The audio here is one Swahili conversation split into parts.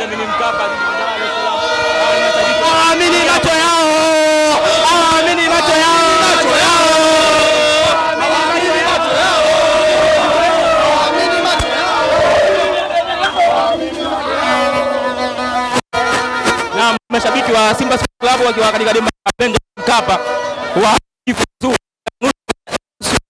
Benjamin Mkapa. Aamini macho yao, aamini macho yao. Na mashabiki wa Simba Sports Club wakiwa katika dimba la Benjamin Mkapa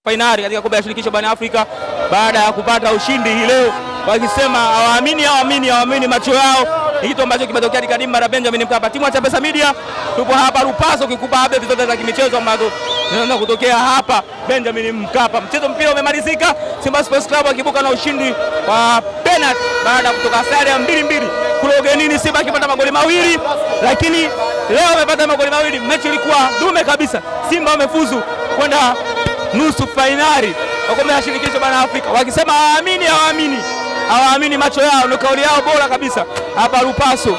fainali katika kombe la shirikisho barani Afrika baada ya kupata ushindi hii leo wakisema hawaamini, hawaamini, hawaamini macho yao. Ni kitu ambacho kimetokea Kadimu na Benjamin Mkapa. Timu ya Chapesa Media tupo hapa Lupaso kikupa habe zote za kimichezo ambazo zinaanza kutokea hapa Benjamin Mkapa. Mchezo mpira umemalizika, Simba Sports Club akibuka na ushindi wa penalti baada ya kutoka sare ya mbili mbili kule ugenini, Simba akipata magoli mawili, lakini leo amepata magoli mawili. Mechi ilikuwa dume kabisa. Simba wamefuzu kwenda nusu fainali wakombe la shirikisho bara Afrika, wakisema hawaamini, hawaamini hawaamini macho yao, ni kauli yao bora kabisa hapa Lupaso.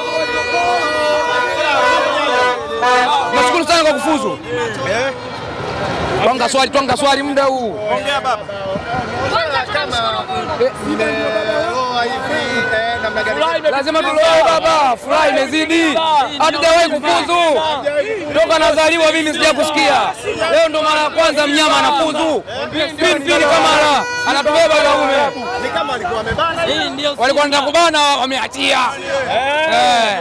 Nashukuru sana kwa kufuzu. Twanga swali, twanga swali muda huu. Ongea baba. Lazima tuloe baba, furaha imezidi, hatujawahi kufuzu toka nazaliwa mimi, sija kusikia leo ndo mara ya kwanza mnyama anafuzu. Pinpini Kamara anatubeba wanaume walikuwa wanataka kubana, wameachia. Eh. Eh.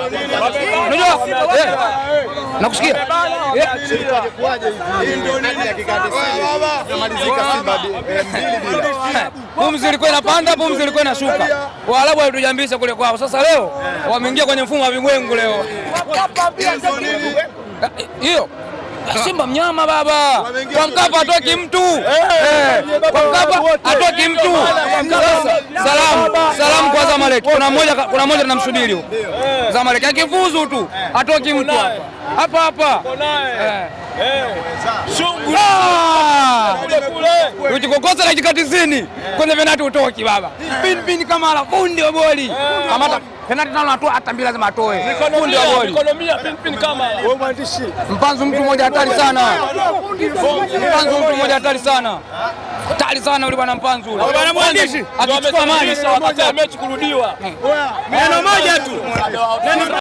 Eh. Nakusikia yaani pumzi ilikuwa inapanda, pumzi ilikuwa inashuka. Waarabu walitujambisha kule kwao, sasa leo wameingia kwenye mfumo wa vigwengu leo hiyo Simba mnyama baba, kwa Mkapa atoki mtu, kwa Mkapa atoki mtu. Zamalek. Kuna mmoja kuna mmoja tunamsubiri huko. Eh. Zamalek akifuzu tu eh. atoki mtu hapa. Hapa hapa. Eh. Shungura. Ah! Ukikokosa dakika 90 kwenye penalti utoki baba. Bin bin kama la fundi wa boli. Kamata penalti nalo atoa hata mbili lazima atoe. Fundi wa boli. Ekonomia bin bin kama. Wewe mwandishi. Mpanzu mtu mmoja hatari sana. Mpanzu mtu mmoja hatari sana. Ah kali sana yule bwana Mpanzu yule. Bwana mwandishi akichukua mali sawa, mechi kurudiwa. Neno moja tu.